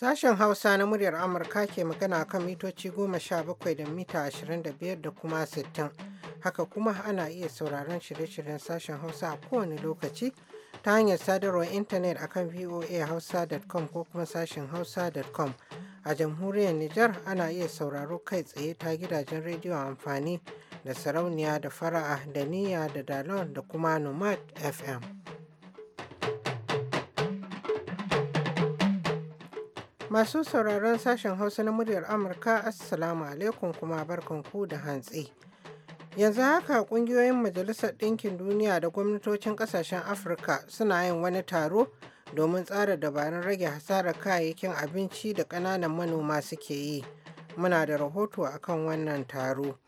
Sashen Hausa na muryar Amurka ke magana kan mitoci goma sha bakwai da mita ashirin da biyar da kuma sittin. Haka kuma ana iya sauraron shirye-shiryen sashen Hausa a kowane lokaci ta hanyar sadarwar intanet akan voahausa.com ko kuma sashen hausa.com. A jamhuriyar Nijar ana iya sauraro kai tsaye ta gidajen rediyo amfani da sarauniya da fara'a da niyya da dalon da kuma nomad FM. Masu sauraron sashen Hausa na muryar Amurka, Assalamu alaikum kuma barkanku da hantsi. Yanzu haka kungiyoyin Majalisar Ɗinkin Duniya da gwamnatocin ƙasashen Afirka suna yin wani taro domin tsara dabarun rage hasarar kayayyakin abinci da ƙananan manoma suke yi. Muna da rahoto akan wannan taro.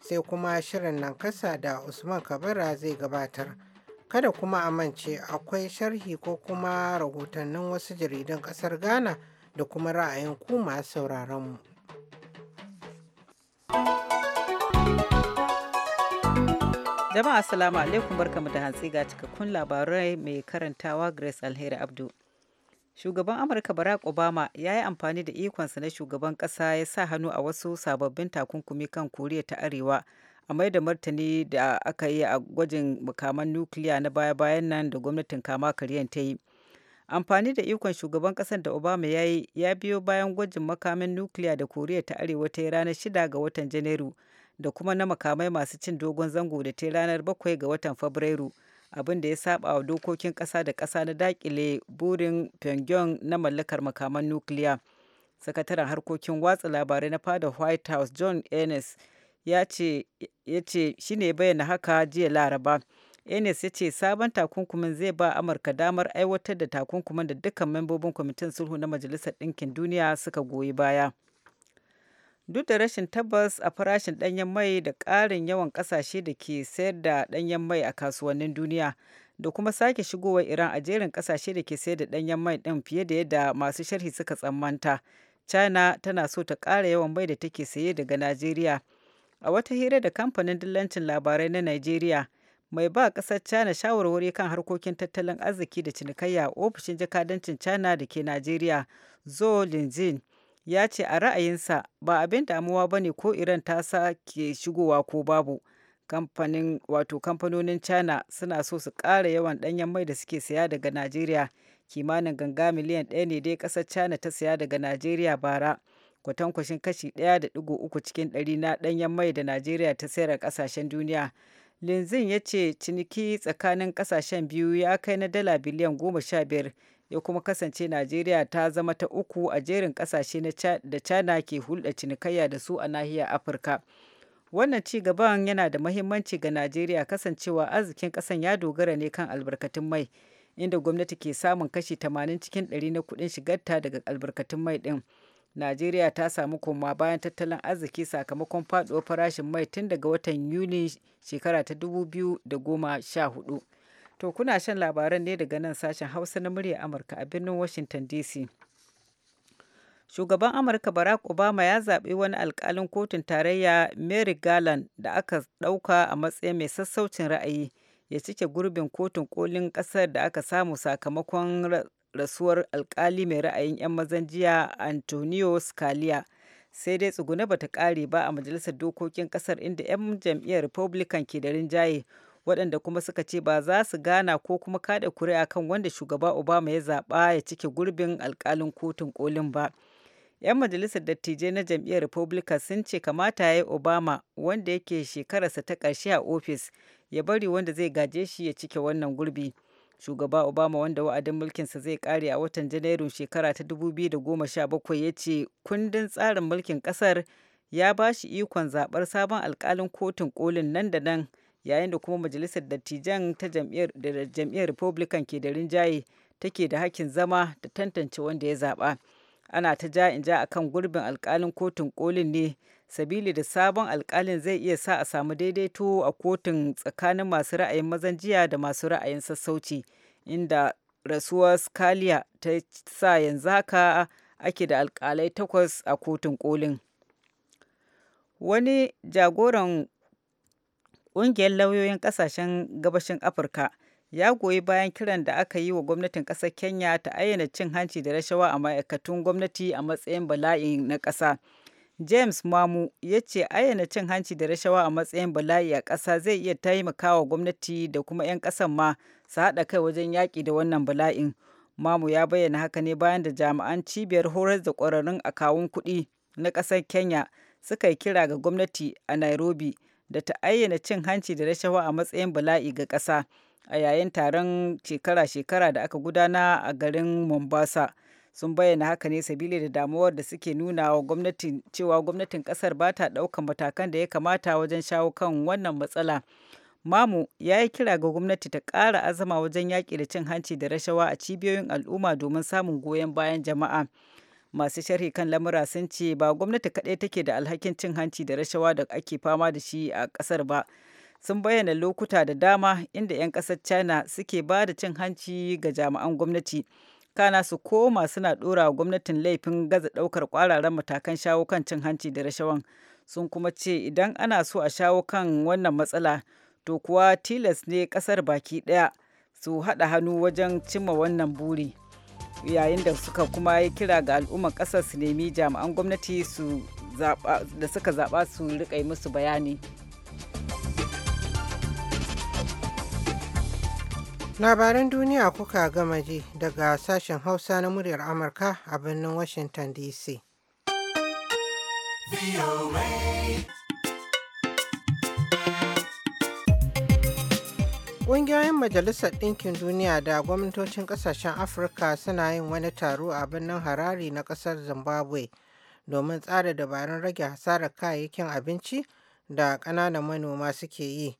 Sai kuma shirin nan kasa da Usman Kabara zai gabatar. Kada kuma a mance akwai sharhi ko kuma rahotannin wasu jaridan ƙasar Ghana. da kuma ra'ayin ku masu mu. Jama'a salamu alaikum barkamu da hantsi ga cikakkun labarai mai karantawa Grace Alheri Abdu. Shugaban Amurka Barack Obama ya yi amfani da ikonsa na shugaban ƙasa ya sa hannu a wasu sababbin takunkumi kan Koriya ta Arewa a mai da martani da aka yi a gwajin makaman nukiliya na baya-bayan nan da gwamnatin kama karyan ta yi. amfani da ikon shugaban kasar da obama ya yi ya biyo bayan gwajin makamin nukiliya da koriya ta arewa ta yi ranar 6 ga watan janairu da kuma na makamai masu cin dogon zango da ta ranar 7 ga watan fabrairu abin da ya saba wa dokokin kasa da kasa na dakile burin pyongyang na mallakar makaman nukiliya sakataren harkokin watsa labarai na fada white house john ennis ya ce shi ne bayyana haka jiya laraba Enes ya ce sabon takunkumin zai ba Amurka damar aiwatar da takunkumin da dukkan membobin kwamitin sulhu na Majalisar Ɗinkin Duniya suka goyi baya. Duk da rashin tabbas a farashin ɗanyen mai da ƙarin yawan ƙasashe da ke sayar da ɗanyen mai a kasuwannin duniya da kuma sake shigowar Iran a jerin ƙasashe da ke sayar da ɗanyen mai ɗin fiye da yadda masu sharhi suka tsammanta. China tana so ta ƙara yawan mai da take saye daga Najeriya. A wata hira da kamfanin dillancin labarai na Najeriya, mai ba ƙasar China shawarwari kan harkokin tattalin arziki da cinikayya a ofishin jakadancin China da ke Najeriya, Zhou Linjin, ya ce a ra'ayinsa ba abin damuwa ba ne ko Iran ta ke shigowa ko babu. Kamfanin wato kamfanonin China suna so su ƙara yawan ɗanyen mai da suke saya daga Najeriya. Kimanin ganga miliyan ɗaya ne dai ƙasar China ta saya daga Najeriya bara. kwatankwashin kashi ɗaya da digo uku cikin ɗari na ɗanyen mai da Najeriya ta sayar a ƙasashen duniya. Linzin ya ce ciniki tsakanin kasashen biyu ya kai na dala biliyan goma sha biyar ya kuma kasance Najeriya ta zama ta uku a jerin kasashe da China ke hulɗa cinikayya da su a nahiyar Afirka. Wannan ci gaban yana da mahimmanci ga Najeriya kasancewa arzikin ƙasan ya dogara ne kan albarkatun mai, inda gwamnati ke samun kashi 80 cikin 100 na kuɗin shigarta daga albarkatun mai ɗin. Najeriya ta samu koma bayan tattalin arziki sakamakon faduwar farashin mai tun daga watan Yuni shekara ta 2014. To kuna shan labaran ne daga nan sashen Hausa na muryar Amurka a birnin Washington DC. Shugaban Amurka Barack Obama ya zaɓi wani alkalin kotun tarayya Mary Garland da aka ɗauka a matsayin mai sassaucin ra'ayi ya cike gurbin kotun kolin ƙasar da aka samu sakamakon rasuwar alkali mai ra'ayin 'yan mazan jiya antonio scalia sai dai tsuguna bata kare ba a majalisar dokokin kasar inda 'yan jam'iyyar republican ke da rinjaye waɗanda kuma suka ce ba za su gana ko kuma kada kuri'a kan wanda shugaba obama ya zaɓa ya cike gurbin alkalin kotun kolin ba 'yan majalisar dattijai na jam'iyyar republican sun ce kamata ya yi obama wanda yake shekararsa ta ƙarshe a ofis ya bari wanda zai gaje shi ya cike wannan gurbi shugaba obama wanda wa'adin mulkinsa zai kare a watan janairun shekara ta 2017 ya ce kundin tsarin mulkin kasar ya ba shi ikon zabar sabon alkalin kotun kolin nan da nan yayin da kuma majalisar dattijan ta jam'iyyar republican ke da rinjaye take da hakkin zama da tantance wanda ya zaɓa. ana ta ja in ja akan gurbin alkalin kotun kolin ne sabili da sabon alkalin zai iya sa a samu daidaito a kotun tsakanin masu ra'ayin mazan jiya da masu ra'ayin sassauci inda rasuwar scalia ta sa yanzu haka ake da alkalai takwas a kotun kolin wani jagoran ƙungiyar lauyoyin ƙasashen gabashin afirka ya goyi bayan kiran da aka yi wa gwamnatin ƙasar Kenya ta ayyana cin hanci da rashawa a ma'aikatun gwamnati a matsayin bala'i na ƙasa. James Mamu ya ce ayyana cin hanci da rashawa a matsayin bala'i a ƙasa zai iya taimakawa gwamnati da kuma 'yan ƙasan ma su haɗa kai wajen yaƙi da wannan bala'in. Mamu ya bayyana haka ne bayan da jami'an cibiyar horar da ƙwararrun akawun kuɗi na ƙasar Kenya suka yi kira ga gwamnati a Nairobi da ta ayyana cin hanci da rashawa a matsayin bala'i ga ƙasa. a yayin taron shekara-shekara da aka gudana a garin Mombasa. Sun bayyana haka ne sabili da damuwar da suke nuna wa gwamnatin cewa gwamnatin kasar ba ta ɗaukan matakan da ya kamata wajen shawo kan wannan matsala. Mamu ya yi kira ga gwamnati ta ƙara azama wajen yaƙi da cin hanci da rashawa a cibiyoyin al'umma domin samun goyon bayan jama'a. Masu sharhi kan lamura sun ce ba gwamnati kaɗai take da alhakin cin hanci da rashawa da ake fama da shi a ƙasar ba. sun bayyana lokuta da dama inda 'yan ƙasar china suke ba da cin hanci ga jami'an gwamnati kana su koma suna ɗora gwamnatin laifin gaza ɗaukar kwararan matakan shawo kan cin hanci da rashawan sun kuma ce idan ana so a shawo kan wannan matsala to kuwa tilas ne kasar baki ɗaya su haɗa hannu wajen cimma wannan buri yayin da suka kuma yi kira ga al'ummar ƙasar su nemi jami'an gwamnati da suka zaɓa su riƙa musu bayani. Labaran duniya kuka gama ji daga sashen Hausa na muryar Amurka a birnin Washington DC. Ƙungiyoyin Majalisar Ɗinkin Duniya da gwamnatocin ƙasashen Afirka suna yin wani taro a birnin Harare na ƙasar Zimbabwe domin tsara dabarun rage hasarar kayayyakin abinci da ƙananan manoma suke yi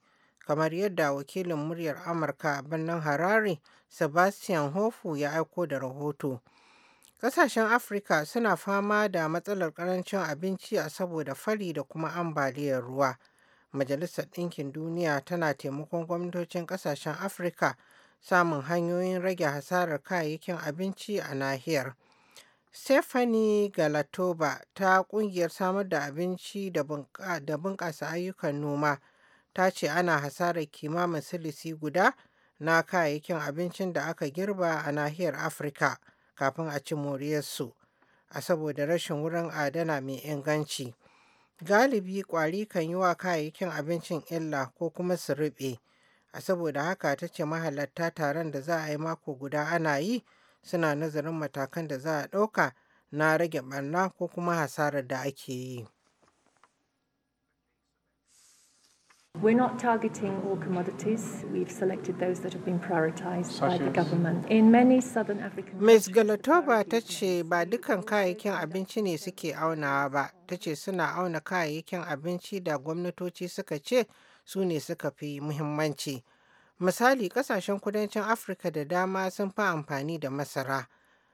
kamar yadda wakilin muryar Amurka a birnin Harare, Sebastian Hofu ya aiko da rahoto. Ƙasashen Afirka suna fama da matsalar ƙarancin abinci a saboda fari da kuma ambaliyar ruwa. Majalisar Ɗinkin Duniya tana taimakon gwamnatocin ƙasashen Afirka samun hanyoyin rage hasarar kayayyakin abinci a nahiyar. Stephanie Galatoba ta ƙungiyar samar da abinci da bunƙasa ayyukan noma. ta ce ana hasarar kimamin silisi guda na kayayyakin abincin da aka girba a nahiyar afirka kafin a ci moriyarsu a saboda rashin wurin adana mai inganci galibi kwari kan yi wa kayayyakin abincin illa ko kuma su rube a saboda haka ta ce mahalarta taron da za a yi mako guda ana yi suna nazarin matakan da za a ɗauka na rage barna ko kuma hasarar da ake yi We're not targeting all commodities. We've selected those that have been prioritized by the government. In many southern African Ms. Galatoba ta ce ba dukkan kayayyakin abinci ne suke aunawa ba. Ta ce suna auna kayayyakin abinci da gwamnatoci suka ce su ne suka fi muhimmanci. Misali, kasashen kudancin Afirka da dama sun fi amfani da masara.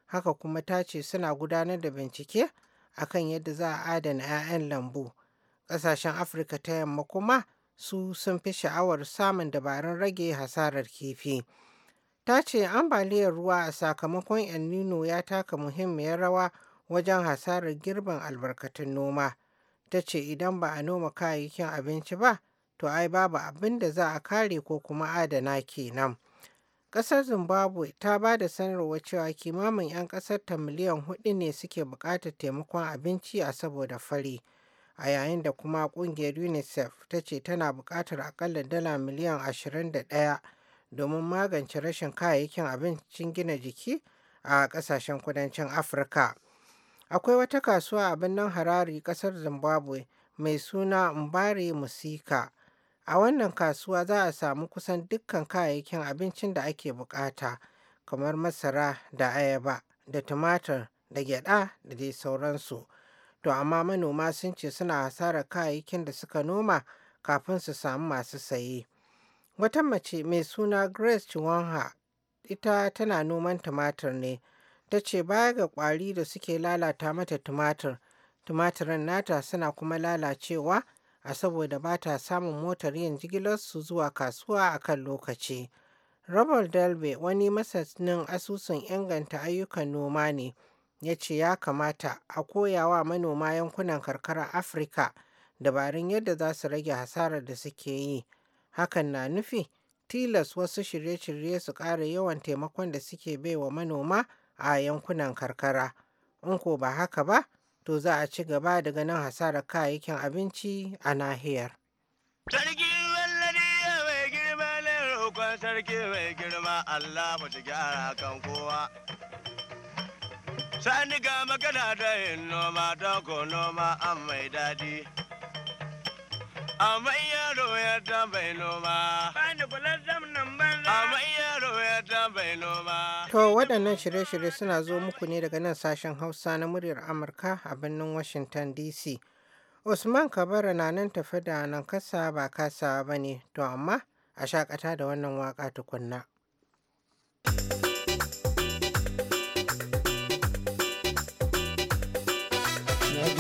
Haka kuma ta ce suna gudanar da bincike akan yadda za a adana 'ya'yan lambu. Kasashen Afirka ta yamma kuma su sun fi sha'awar samun dabarun rage hasarar kifi. Ta ce ambaliyar ruwa a sakamakon El Nino ya taka muhimmiyar rawa wajen hasarar girbin albarkatun noma. Ta ce idan ba a noma kayayyakin abinci ba, to ai babu abin da za a kare ko kuma adana kenan. Ƙasar Zimbabwe ta ba da sanarwa cewa kimamin 'yan ƙasar ta miliyan hudu ne suke buƙatar taimakon abinci a saboda fari. a yayin da kuma kungiyar unicef ta ce tana buƙatar akalla dala miliyan 21 domin magance rashin kayayyakin abincin gina jiki a ƙasashen kudancin afirka akwai wata kasuwa a birnin harare ƙasar zimbabwe mai suna mbare musika a wannan kasuwa za a samu kusan dukkan kayayyakin abincin da ake bukata kamar masara da ayaba da tumatir da gyada da dai sauransu. to amma manoma sun ce suna hasarar kayayyakin da suka noma kafin su samu masu saye. Wata mace mai suna Grace Chiwonha ita tana noman tumatir ne, ta ce baya ga ƙwari da suke lalata mata tumatir, tumatirin nata suna kuma lalacewa a saboda ba ta samun motar yin jigilarsu zuwa kasuwa a kan lokaci. Robert Delbe wani masanin asusun inganta ayyukan noma ne. ya ce ya kamata a koya wa manoma yankunan karkara afirka dabarun yadda za su rage hasarar da suke yi hakan na nufi tilas wasu shirye-shirye su ƙara yawan taimakon da suke baiwa manoma a yankunan karkara in ko ba haka ba to za a ci gaba da ganin hasarar kayayyakin abinci a nahiyar sarki mai girma Allah mu gyara kan kowa sani ga magana da yin noma don ko noma an mai daɗi amai yaro ya tambayi noma amai yaro ya tambayi noma to waɗannan shirye-shirye suna zo muku ne daga nan sashen hausa na muryar amurka a birnin washington dc usman kabara na nan tafi da nan kasa ba kasa ba ne to amma a shakata da wannan waka tukunna.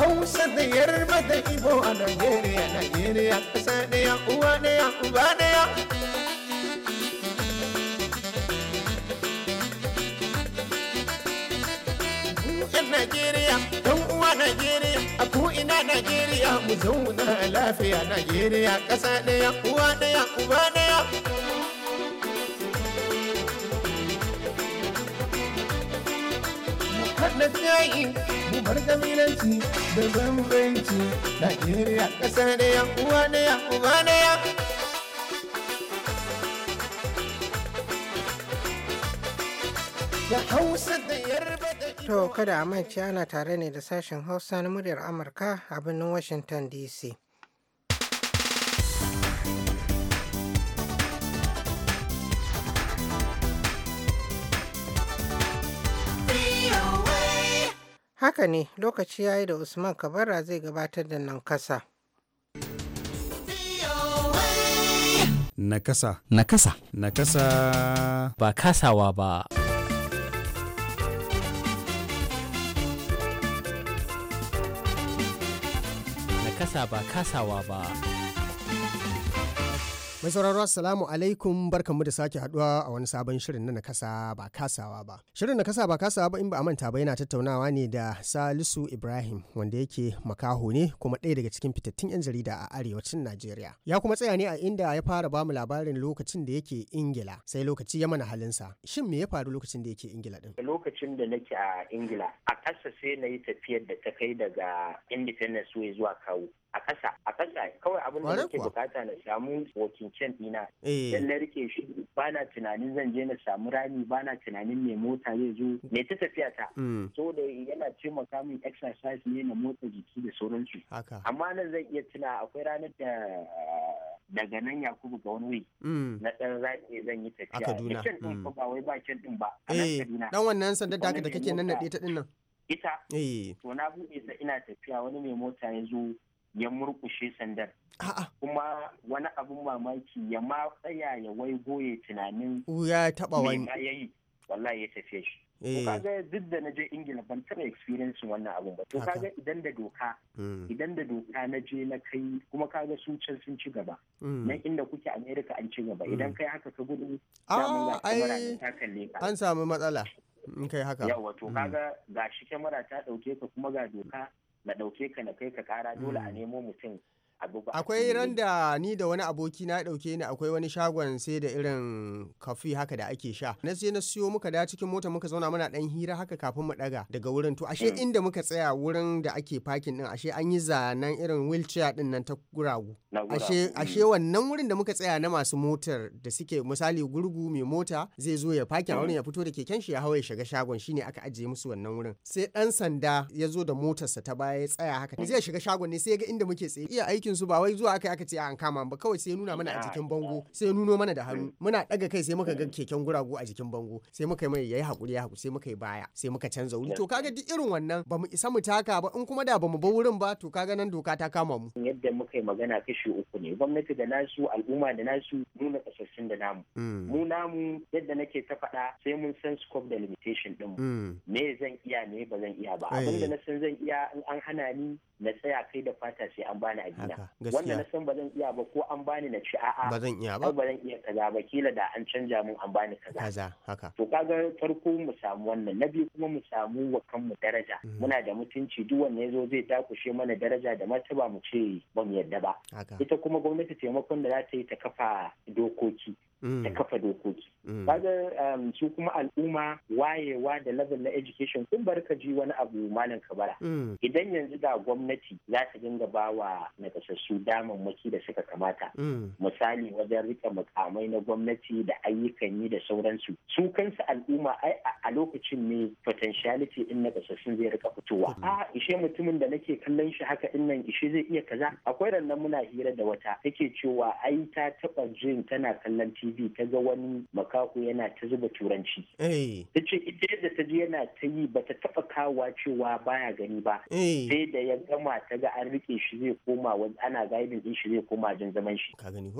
hausa da yarba da ibo a najeriya najeriya ƙasa ɗaya uwa ɗaya uba ɗaya Najeriya, ɗan uwa Najeriya, a ko'ina Najeriya, mu zauna lafiya Najeriya, ƙasa ɗaya, uwa ɗaya, uba daya na yaƙi mu bar kabilanci da bambanci Najeriya ƙasa da ya uwa da ya uba da ya To kada a manci ana tare ne da sashen Hausa na muryar Amurka a birnin Washington DC. Haka ne lokaci ya yi da Usman Kabara zai gabatar da Nankasa. Nakasa. Nakasa. Nakasa. Ba kasawa ba. Nakasa ba kasawa ba. Mai sauraro Assalamu alaikum mu da sake haduwa a wani sabon shirin na nakasa ba kasawa ba. Shirin na nakasa ba kasawa ba in ba a manta ba yana tattaunawa ne da Salisu Ibrahim wanda yake makaho ne kuma ɗaya daga cikin fitattun 'yan jarida a arewacin Najeriya. Ya kuma tsaya ne a inda ya fara ba mu labarin lokacin da yake Ingila sai lokaci ya mana halin sa Shin me ya faru lokacin da yake Ingila din? Lokacin da nake a Ingila a ƙasa sai na yi tafiyar da ta kai daga Independence Way zuwa Kawo. a ƙasa a ƙasa kawai abin da nake bukata na samu can dina eh. dan na rike shi ba na tunanin zan je na samu rami ba na tunanin mai mota zai zo me ta tafiya ta mm. so da yana taimaka min exercise ne na motsa jiki da sauransu amma nan zan iya tuna akwai ranar da daga nan yakubu ga wani wuri. Mm. na dan zaɓe zan yi tafiya a kaduna mm. ba wai ba kin din ba a eh, kaduna dan wannan daga da kake nan nade ta ɗin nan ita eh. to na buɗe ta ina tafiya wani mai mota ya zo ya murkushe sandar kuma wani abin mamaki ya ma tsaya ya wai goye tunanin ya taba wani yayi wallahi ya tafiye shi to eh. kaga duk da na je ingila ban taba experience wannan abin ba to kaga idan da doka hmm. idan da doka na je na kai kuma kaga su can sun ci gaba hmm. nan inda kuke america an ci gaba idan hmm. kai haka ka gudu ah, an samu matsala in kai haka yawa to kaga ga shi kyamara ta dauke ka kuma ga doka na ɗauke ka na kai ka ƙara dole a mm. nemo mutum akwai ran da ni da wani aboki na ɗauke ni akwai wani shagon sai da irin kafi haka da ake sha na sai na siyo muka da cikin mota muka zauna muna dan hira haka kafin mu ɗaga daga wurin to ashe mm. inda muka tsaya wurin da ake parking din ashe an yi zanen irin wheelchair din nan ta guragu ashe mm. ashe wannan wurin da muka tsaya na masu motar da suke misali gurgu mai mota zai zo ya parking wurin mm. ya fito da keken shi ya hawa ya shiga shagon shine aka ajiye musu wannan wurin sai dan sanda ya zo da motarsa ta baya ya tsaya haka zai shiga shagon ne sai ya ga inda muke tsaye iya aikin aikin su ba wai zuwa aka aka ce an kama ba kawai sai nuna mana a jikin bango sai nuno mana da hannu mm. muna daga kai sai muka ga mm. keken guragu a jikin bango sai muka mai yayi hakuri ya hakuri sai muka yi baya sai muka canza wuri to kaga duk irin wannan bamu isa mu taka ba in kuma da bamu ba wurin ba to kaga nan doka ta kama mu yadda muka yi magana kashi uku ne gwamnati da nasu al'umma da nasu nuna kasassun da namu mm. mu namu yadda nake ta faɗa sai mun san scope da limitation din me zan iya ne ba zan iya ba abinda eh. na san zan iya in an hana ni na tsaya kai da fata sai an bani a gina haka gaskiya wannan san ba zan iya ba ko an bani na ci a'a ba iya ba ba iya kaza ba kila da an canja min an bani kaza kaza haka to kaga farko mu samu wannan na biyu kuma mu samu wa kanmu daraja mm. muna da mutunci duk wanda yazo zai takushe mana daraja da martaba mu ce ba mu yadda ba ita kuma gwamnati taimakon da za ta yi ta kafa dokoki Mm. da kafa dokoki mm. kaga um, su kuma al'umma wayewa da level na education sun bar ka ji wani abu malam kabara mm. idan yanzu da gwamnati za ta dinga ba wa nakasassu damammaki da suka kamata misali wajen rike mukamai na gwamnati da ayyukan yi da sauransu su kansu al'umma ai a lokacin ne potentiality in nagasassun zai rika fitowa a ah, ishe mutumin da nake kallon shi haka in nan ishe zai iya kaza akwai rannan muna hira da wata take cewa ai ta taɓa jin tana kallon tv ta ga wani makaho yana ta zuba turanci eh. ta ce ita yadda ta ji yana ta yi ba ta taɓa kawa cewa baya gani ba eh. sai da ya gama ta ga an rike shi zai koma ana gaidin din shi zai koma jin zaman shi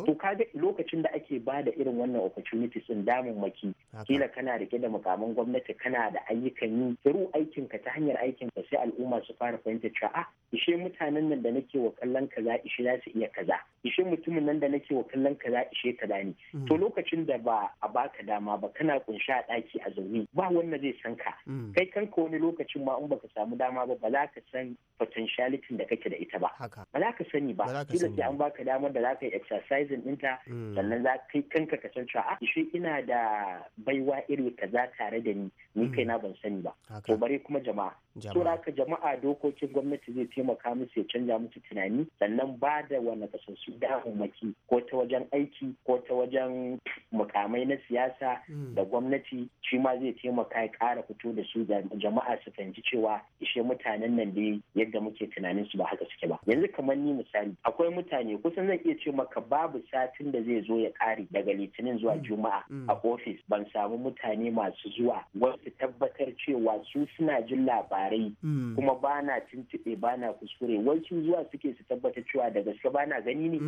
to ka ga lokacin da ake ba da irin wannan opportunities din damun maki kila kana rike da mukamin gwamnati kana da ayyukan yi kiru aikinka ta hanyar aikinka sai al'umma su fara fahimta cewa a ah, ishe mutanen nan da nake wa kallon kaza ishe za su iya kaza ishe mutumin nan da nake wa kallon kaza ishe kaza ne mm. to lokacin da ba a baka dama ba kana kunsha a ɗaki a zaune ba wannan zai san ka mm. kai kanka wani lokacin ma in baka samu dama ba ba za ka san potentiality da kake da ita ba ba za ka sani ba kila sai an baka damar da za ka yi exercising ɗinta mm. sannan za kai kanka ka san cewa ah, shi ina da baiwa iri kaza tare da ni ni mm. kaina ban sani ba to bare kuma jama'a so ka jama'a dokokin gwamnati zai taimaka musu ya canja musu tunani sannan ba da wani kasassu maki. ko ta wajen aiki ko ta wajen mukamai na siyasa hmm. da gwamnati shi ma zai taimaka ya ƙara fito da su da jama'a su fahimci cewa ishe mutanen nan dai yadda muke tunanin su ba haka suke ba yanzu kamar ni misali akwai mutane kusan zan iya ce maka babu satin da zai zo ya ƙare daga litinin zuwa hmm. juma'a hmm. a ofis ban samu mutane masu zuwa wasu tabbatar cewa su suna jin labarai kuma ba na tuntuɓe ba na kuskure wasu zuwa suke su tabbatar cewa da gaske ba na gani ne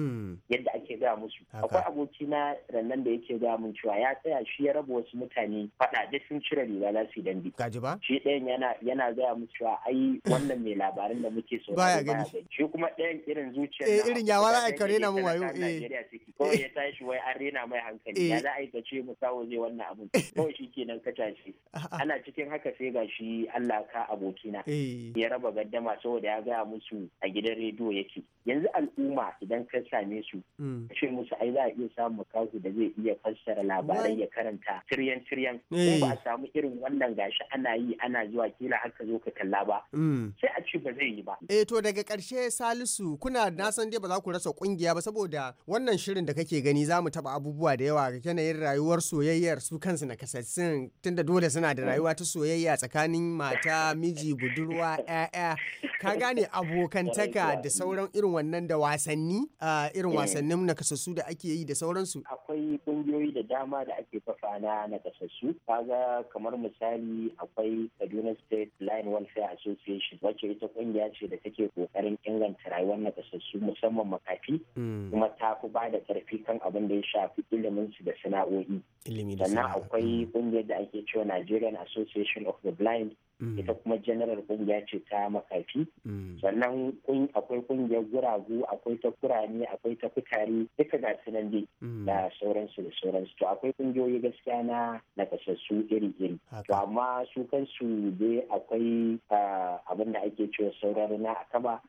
yadda ake gaya musu akwai abokina na nan da yake ga mun cewa ya tsaya shi ya raba wasu mutane faɗaɗe sun cire riga za su dambe Gaji ba shi ɗayan yana yana gaya mun cewa ai wannan mai labarin da muke so baya gani shi kuma ɗayan irin zuciya eh irin yawa za a kare na mu wayo eh ko ya eh. tashi wai an rena mai hankali ya eh. za a yi ce mu sawo zai wannan abun eh. Ko shi kenan ka tashi ana cikin haka sai ga shi Allah ka abokina ya raba gaddama saboda ya gaya musu a gidan rediyo yake yanzu al'umma idan ka same su mm. ka ce musu ai za a iya samun kawo da zai zai iya fassara labarai ya karanta tiryan tiryan ko eh. ba a samu irin wannan gashi ana yi ana zuwa kila haka zo ka kalla ba hmm. sai a ci ba zai yi ba eh to daga karshe salisu kuna na san dai ba za ku rasa kungiya ba saboda wannan shirin da kake gani za mu taba abubuwa da yawa ga yanayin rayuwar soyayyar su kansu na kasassun tunda dole suna da rayuwa ta soyayya tsakanin mata miji budurwa yaya ka gane abokantaka da sauran irin wannan da wasanni ah, irin eh. wasannin na kasassu da ake yi da sauransu akwai akwai kungiyoyi da dama da ake kafa na nakasassu kaga kamar misali akwai kaduna state line welfare association wacce ita kungiya ce da take kokarin inganta rayuwar nakasassu musamman makafi hmm. kuma ta fi ba da karfi kan abin da ya shafi ilimin su da sana'o'i sannan akwai kungiyar mm. da ake cewa Nigerian Association of the Blind mm. ita kuma general kungiya ce ta makafi mm. sannan akwai kungiyar guragu akwai ta kurani akwai ta kutare duka ga sunan dai da sauransu da sauransu to akwai kungiyoyi gaskiya na nakasassu iri iri to amma su kansu dai akwai ah, abin da ake cewa saurari na akaba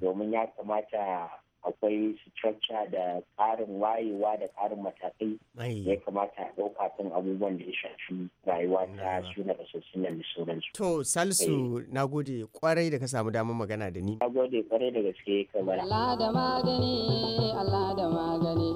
domin ya kamata akwai structure da ƙarin wayewa da ƙarin matakai ya kamata a ɗauka kan abubuwan da ya shafi rayuwa ta suna da sosai da sauransu. To Salisu eh. na gode kwarai da ka samu damar magana da ni. Na gode kwarai da gaske kamar. Allah da magani, Allah da magani,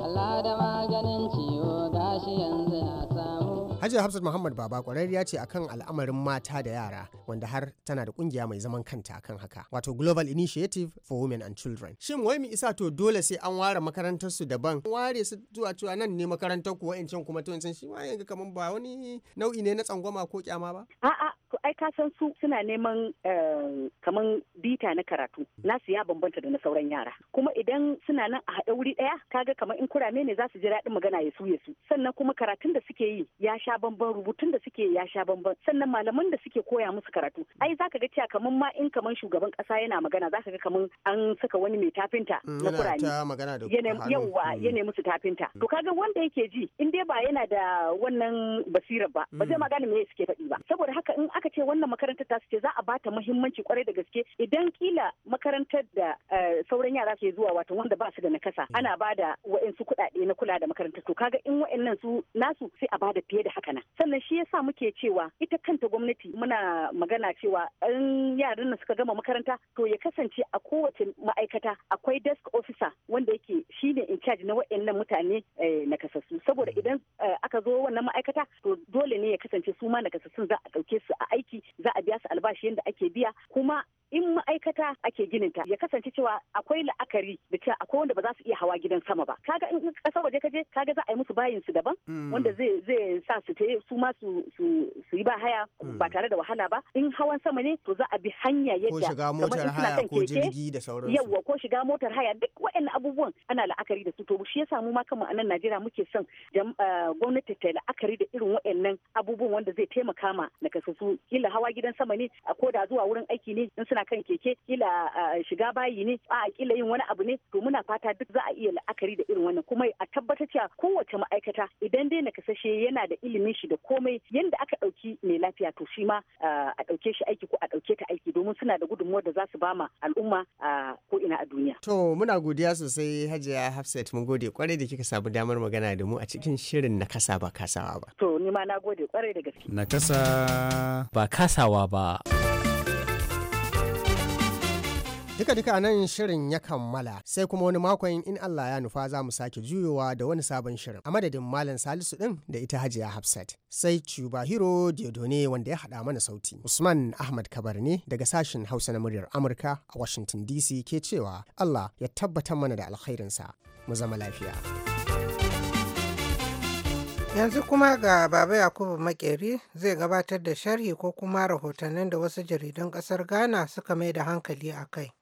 Allah da maganin ciwo gashi yanzu na samu. Hajiya Hafsat Muhammad Baba ya ce akan al'amarin mata da yara wanda har tana da kungiya mai zaman kanta akan haka wato Global Initiative for Women and Children. Shin wai mu isa to dole sai an ware makarantar su daban ware su zuwa cewa nan ne makarantar ku wa'ancan kuma to shi ma yanga kaman ba wani nau'i ne na tsangwama ko kyama ba? A'a ai kasan su suna neman eh, kaman bita na karatu nasu ya bambanta da na sauran yara kuma idan suna nan a haɗa wuri ɗaya kaga kamar in kurame ne za su ji daɗin magana ya su su sannan kuma karatun da suke yi ya sha bamban rubutun da suke ya sha bamban sannan malaman da suke koya musu karatu ai zaka ga cewa kaman ma in kaman shugaban kasa yana magana zaka ga kaman an saka wani mai tafinta na mm, kurame yauwa mm. ya nemi tafinta to kaga wanda yake ji in dai ba yana da wannan basira ba ba zai mm. magana me suke faɗi ba saboda haka in aka ce wannan makarantar ta ce za a bata muhimmanci kwarai da gaske idan kila makarantar da eh, sauran yara ke zuwa wato wanda ba su da nakasa ana bada wa'ansu kuɗaɗe na kula da makarantar to kaga in wa'annan su nasu sai a bada fiye da haka nan sannan shi yasa muke cewa ita kanta gwamnati muna magana cewa in yaran nan suka gama makaranta to ya kasance a kowace ma'aikata akwai desk officer wanda yake shine in charge na wa'annan mutane eh, nakasassu saboda idan eh, aka zo wannan ma'aikata to dole ne ya kasance su ma nakasassun za a ɗauke su a aiki za a biya su albashi yadda ake biya kuma in ma'aikata ake ta ya kasance cewa akwai la'akari da cewa akwai wanda ba za su iya hawa gidan sama ba kaga in kasar waje je kaga za a yi musu bayin su daban mm. wanda zai zai sa su te su ma su su yi ba haya mm. ba tare da wahala ba in hawan sama ne to za a bi hanya yadda ko shiga motar haya ko jirgi da sauransu yawa ko shiga motar haya duk waɗannan abubuwan ana la'akari da su to shi yasa mu ma kanmu a nan Najeriya muke son eh, gwamnati ta la'akari da irin waɗannan abubuwan wanda zai taimaka ma nakasassu kila hawa gidan sama ne a ko da zuwa wurin aiki ne in suna kan keke kila shiga bayi ne a kila yin wani abu ne to muna fata duk za a iya la'akari da irin wannan kuma a tabbatar cewa kowace ma'aikata idan dai kasashe yana da ilimin shi da komai yanda aka ɗauki mai lafiya to shi ma a ɗauke shi aiki ko a ɗauke ta aiki domin suna da gudunmuwar da za su bama al'umma a ko ina a duniya. To muna godiya sosai Hajiya Hafsat mun gode kwarai da kika samu damar magana da mu a cikin shirin na kasa ba kasawa ba. To ni ma na gode kwarai da gaske. Na kasa ba kasawa ba. Duka-duka nan shirin ya kammala sai kuma wani makon in Allah ya nufa za mu sake juyowa da wani sabon shirin a madadin Malam Salisu ɗin da ita Hajiya Hafsat. Sai Cuba Hiro Diodone wanda ya haɗa mana sauti. Usman Ahmad Kabar ne daga sashen Hausa na muryar Amurka a Washington DC ke cewa Allah ya tabbatar mana da alkhairinsa. Mu zama lafiya. Yanzu kuma ga Baba Yakubu Makeri zai gabatar da sharhi ko kuma rahotannin da wasu jaridun ƙasar Ghana suka mai da hankali a kai.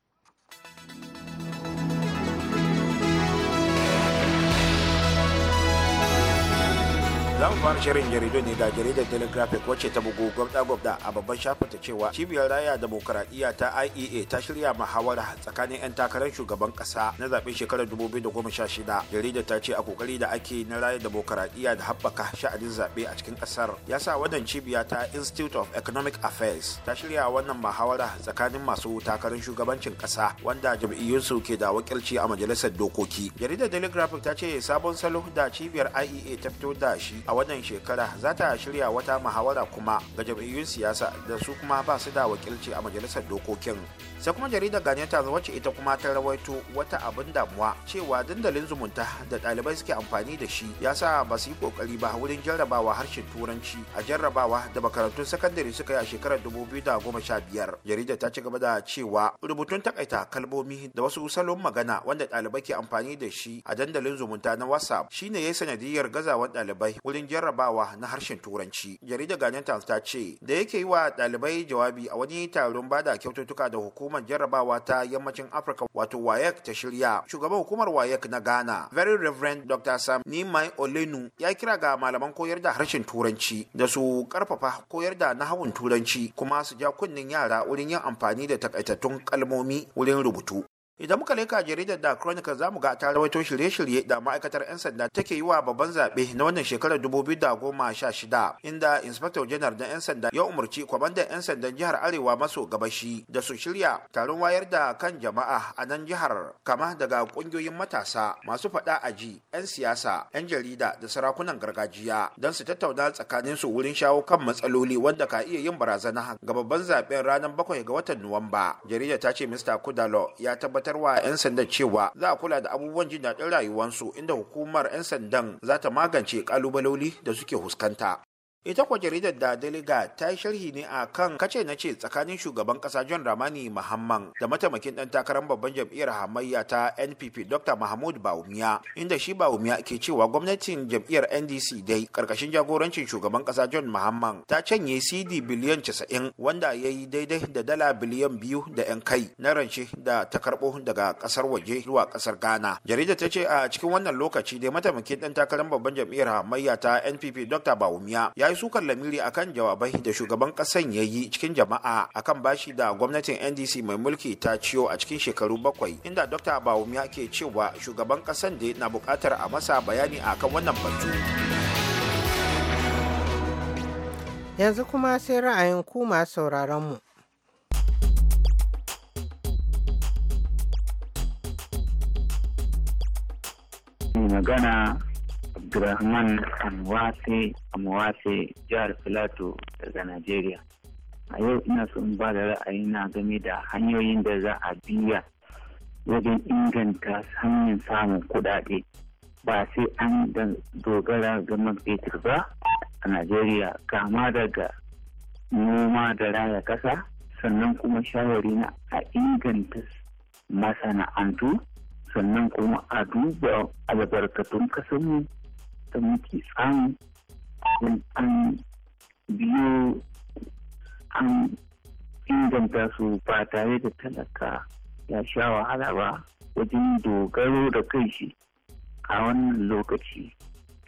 za mu fara shirin jaridu ne da jaridar telegraphic wacce ta bugu gwamna gwamna a babban ta cewa cibiyar raya demokaradiyya ta iea ta shirya muhawara tsakanin 'yan takarar shugaban kasa na zaɓen shekarar da goma sha 2016 jaridar ta ce a kokari da ake na raya demokaradiyya da haɓaka sha'anin zaɓe a cikin ƙasar ya sa wannan cibiya ta institute of economic affairs ta shirya wannan muhawara tsakanin masu takarar shugabancin ƙasa wanda jam'iyyunsu ke da wakilci a majalisar dokoki jaridar telegraphic ta ce sabon salo da cibiyar iea ta fito da shi a wannan shekara za ta shirya wata muhawara kuma ga jam'iyyun siyasa da su kuma ba su da wakilci a majalisar dokokin sai kuma jaridar gane ta wacce ita kuma ta rawaito wata abin damuwa cewa dandalin zumunta da ɗalibai suke amfani da shi ya sa ba su yi kokari ba wurin jarrabawa harshen turanci a jarrabawa da makarantun sakandare suka yi a shekarar biyar! jaridar ta ci gaba da cewa rubutun takaita kalmomi da wasu salon magana wanda ɗalibai ke amfani da shi a dandalin zumunta na whatsapp shine yi sanadiyar gazawan ɗalibai wurin jarrabawa na harshen turanci jaridar gane ta ce da yake yi wa ɗalibai jawabi a wani taron bada kyaututtuka da hukuma. hukumar jarrabawa ta yammacin Afirka wato wayek ta shirya. Shugaban hukumar wayek na Ghana, Very Reverend Dr. Sam Nimai Olenu ya kira ga malaman koyar da harshen Turanci da su karfafa koyar da nahawun Turanci kuma su ja kunnen yara wurin yin amfani da takaitattun kalmomi wurin rubutu. idan muka leka jaridar da chronicle zamu ga ta rawaito shirye-shirye da ma'aikatar 'yan sanda take yi wa babban zaɓe na wannan shekarar 2016 inda inspector general da 'yan sanda ya umarci kwamandan 'yan sandan jihar arewa maso gabashi da su shirya taron wayar da kan jama'a a nan jihar kama daga ƙungiyoyin matasa masu faɗa aji 'yan siyasa 'yan jarida da sarakunan gargajiya don su tattauna tsakanin su wurin shawo kan matsaloli wanda ka iya yin barazana ga babban zaɓen ranar bakwai ga watan nuwamba jaridar ta ce mr kudalo ya tabbatar wa 'yan sandan cewa za a kula da abubuwan jin daɗin rayuwarsu inda hukumar 'yan sandan za ta magance kalubaloli da suke huskanta ita kwa jaridar da daliga ta yi sharhi ne a kan kace na ce tsakanin shugaban kasa john ramani mahamman da mataimakin dan takarar babban jam'iyyar hamayya ta npp dr mahmud bawumiya inda shi bawumiya ke cewa gwamnatin jam'iyyar ndc dai karkashin jagorancin shugaban kasa john mahamman ta canye cd biliyan 90 wanda ya yi daidai da dala biliyan biyu da yan kai na rance da ta karbo daga kasar waje zuwa kasar ghana jaridar ta ce a cikin wannan lokaci dai mataimakin dan takarar babban jam'iyyar hamayya ta npp dr ba'umiya. ya yi sukar lamiri akan jawabai da shugaban kasan ya yi cikin jama'a akan bashi da gwamnatin ndc mai mulki ta ciyo a cikin shekaru bakwai inda dr ya ke cewa shugaban kasan da na bukatar a masa bayani akan wannan batu yanzu kuma sai ra'ayin kuma sauraronmu. mu magana Abdulrahman Amwase Amwase jihar Filato daga Najeriya. A yau ina so in ba da ra'ayi na game da hanyoyin da za a biya wajen inganta hanyar samun kuɗaɗe ba sai an da dogara ga man ba a Najeriya kama daga noma da raya ƙasa sannan kuma shawari na a inganta masana'antu sannan kuma a duba albarkatun kasanmu da muke samu an biyo an inganta su ba tare da talaka ya sha wahala ba wajen dogaro da kai shi a wannan lokaci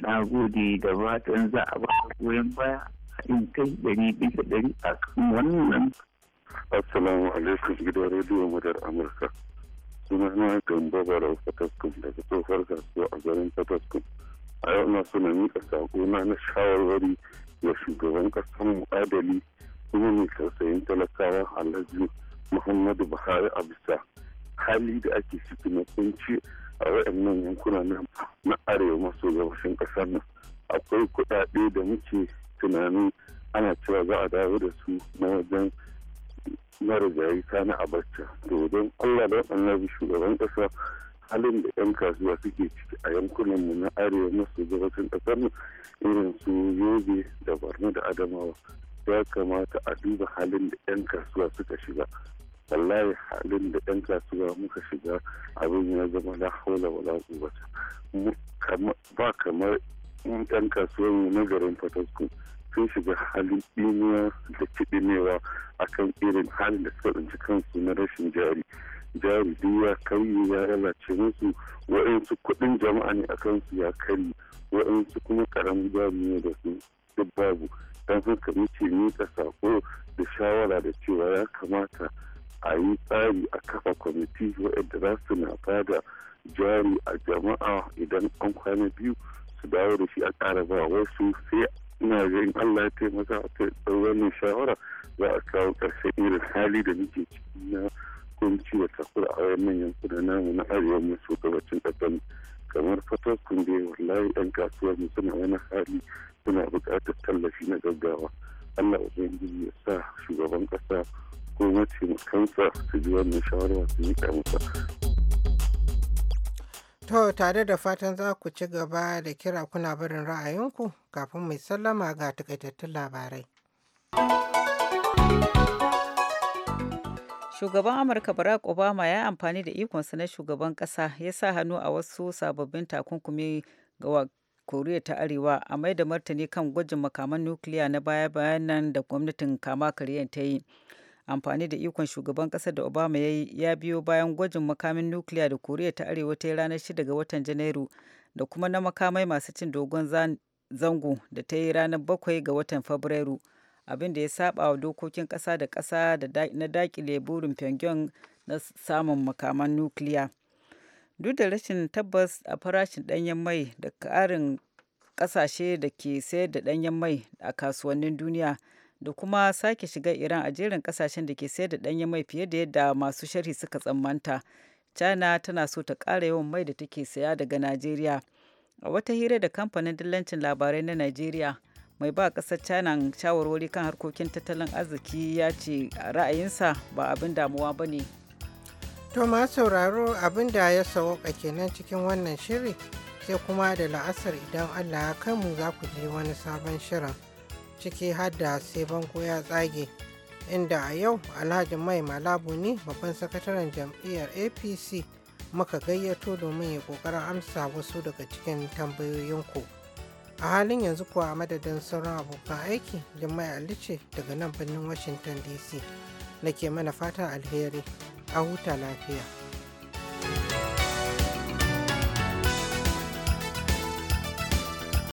na gode da fatan za a ba goyon baya in kai ɗari bisa ɗari a kan wannan assalamu alaikum gidan rediyo madar amurka suna na gamba barau fataskum daga tsohuwar kasuwa a garin fataskum a yau na so na miƙa saƙo na shawarwari ga shugaban ƙasar mu adali kuma mai tausayin talakawa alhaji muhammadu buhari a bisa hali da ake ciki na kunci a waɗannan yankuna na arewa maso gabashin ƙasar nan akwai kuɗaɗe da muke tunanin ana cewa za a dawo da su na wajen marigayi sani abacha to don allah da annabi shugaban ƙasa halin da 'yan kasuwa suke ciki a yankunan mu na arewa maso gabashin mu irin su yobe da barno da adamawa ya kamata a duba halin da 'yan kasuwa suka shiga wallahi halin da 'yan kasuwa muka shiga abin ya zama na haula wala kubata ba kamar 'yan kasuwan na garin fatasku sun shiga halin ɗiniya da kiɗinewa akan irin halin da suka tsinci kansu na rashin jari jari duk ya ya lalace musu waɗansu kuɗin jama'a ne a kansu ya karye waɗansu kuma karamin jari ne da su duk babu don haka muke miƙa sako da shawara da cewa ya kamata a yi tsari a kafa kwamiti waɗanda za su na bada jari a jama'a idan an kwana biyu su dawo da shi a ƙara ba wasu sai ina ga Allah ya taimaka a wannan shawara za a kawo ƙarshen irin hali da muke ciki na sun ciwo kafin a wannan yankuna namu na arewa maso gabacin ƙasar kamar fatar kunde wallahi yan kasuwar mu suna wani hali suna buƙatar tallafi na gaggawa allah ubangiji ya sa shugaban ƙasa ko kansa su ji wannan shawarwa su yi masa. To tare da fatan za ku ci gaba da kira kuna barin ra'ayinku kafin mai sallama ga takaitattun labarai. shugaban amurka barack obama ya amfani da ikonsa na shugaban kasa ya sa hannu a wasu sababbin takunkumi ga koriya ta arewa a mai da martani kan gwajin makaman nukiliya na baya-bayan nan da gwamnatin kama kariyar ta yi amfani da ikon shugaban kasar da obama ya yi ya biyo bayan gwajin makamin nukiliya da koriya ta arewa ta yi ranar 6 ga watan janairu da kuma na makamai masu cin dogon zango da ta yi ranar 7 ga watan fabrairu abin da ya saba wa dokokin ƙasa da ƙasa na dakile burin pyongyang na samun makaman nukiliya duk da rashin tabbas a farashin ɗanyen mai da ƙarin ƙasashe da ke sayar da ɗanyen mai a kasuwannin duniya da kuma sake shiga iran a jerin kasashen da ke sayar da ɗanyen mai fiye da yadda masu sharhi suka tsammanta china tana so ta ƙara yawan mai da take saya daga najeriya a wata hira da kamfanin dillancin labarai na najeriya mai ba kasar china shawarwari kan harkokin tattalin arziki ya ce ra'ayinsa ba abin damuwa ba ne to ma sauraro abin da ya sauka kenan cikin wannan shiri sai kuma da la'asar idan allah ya kai mu za ku je wani sabon shirin ciki har da sai banko ya tsage inda a yau alhaji mai malabu ne babban sakataren jam'iyyar apc muka gayyato domin ya kokarin amsa wasu daga cikin tambayoyinku. ku a halin yanzu kuwa a madadin sauran abokan aiki jimai alice daga nan birnin washington dc nake mana fatan alheri a huta lafiya